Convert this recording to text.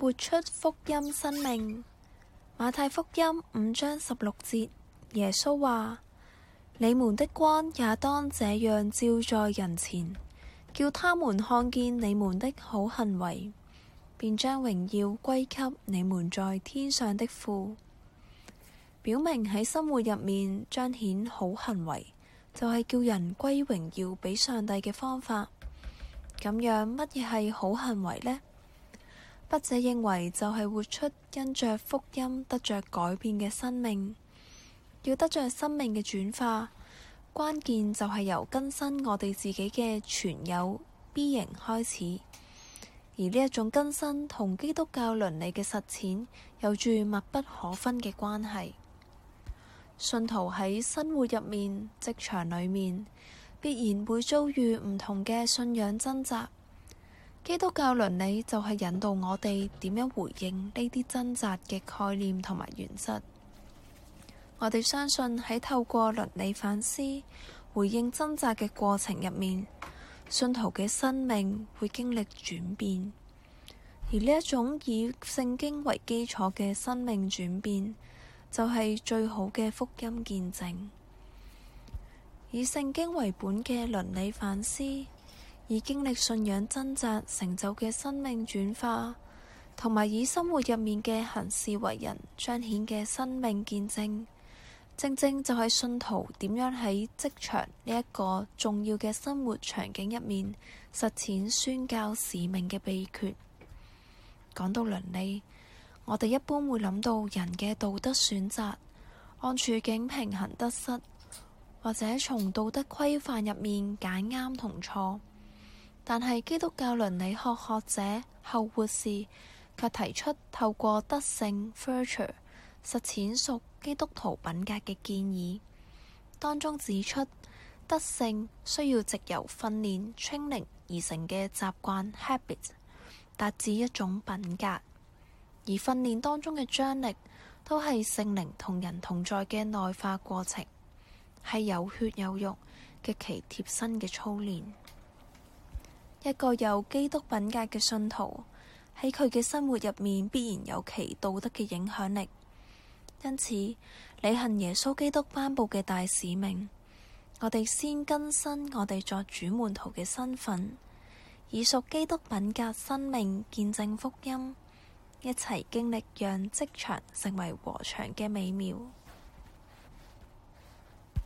活出福音生命，馬太福音五章十六節，耶穌話： 你們的光也當這樣照在人前，叫他們看見你們的好行為，便將榮耀歸給你們在天上的父。表明喺生活入面彰顯好行為，就係、是、叫人歸榮耀俾上帝嘅方法。咁樣乜嘢係好行為呢？筆者認為，就係活出因着福音得着改變嘅生命，要得着生命嘅轉化，關鍵就係由更新我哋自己嘅存有 being 開始。而呢一種更新同基督教倫理嘅實踐有住密不可分嘅關係。信徒喺生活入面，職場裏面，必然會遭遇唔同嘅信仰掙扎。基督教倫理就係引導我哋點樣回應呢啲掙扎嘅概念同埋原則。我哋相信喺透過倫理反思回應掙扎嘅過程入面，信徒嘅生命會經歷轉變。而呢一種以聖經為基礎嘅生命轉變，就係最好嘅福音見證。以聖經為本嘅倫理反思。以經歷信仰掙扎成就嘅生命轉化，同埋以生活入面嘅行事為人彰顯嘅生命見證，正正就係信徒點樣喺職場呢一個重要嘅生活場景入面實踐宣教使命嘅秘訣。講到倫理，我哋一般會諗到人嘅道德選擇、按處境平衡得失，或者從道德規範入面揀啱同錯。但係基督教倫理學學者侯活士卻提出透過德性 virtue 實踐屬基督徒品格嘅建議，當中指出德性需要藉由訓練、training 而成嘅習慣 habit 達至一種品格，而訓練當中嘅張力都係聖靈同人同在嘅內化過程，係有血有肉，極其貼身嘅操練。一個有基督品格嘅信徒喺佢嘅生活入面，必然有其道德嘅影響力。因此，履行耶穌基督頒布嘅大使命，我哋先更新我哋作主門徒嘅身份，以屬基督品格生命見證福音，一齊經歷讓職場成為禾場嘅美妙。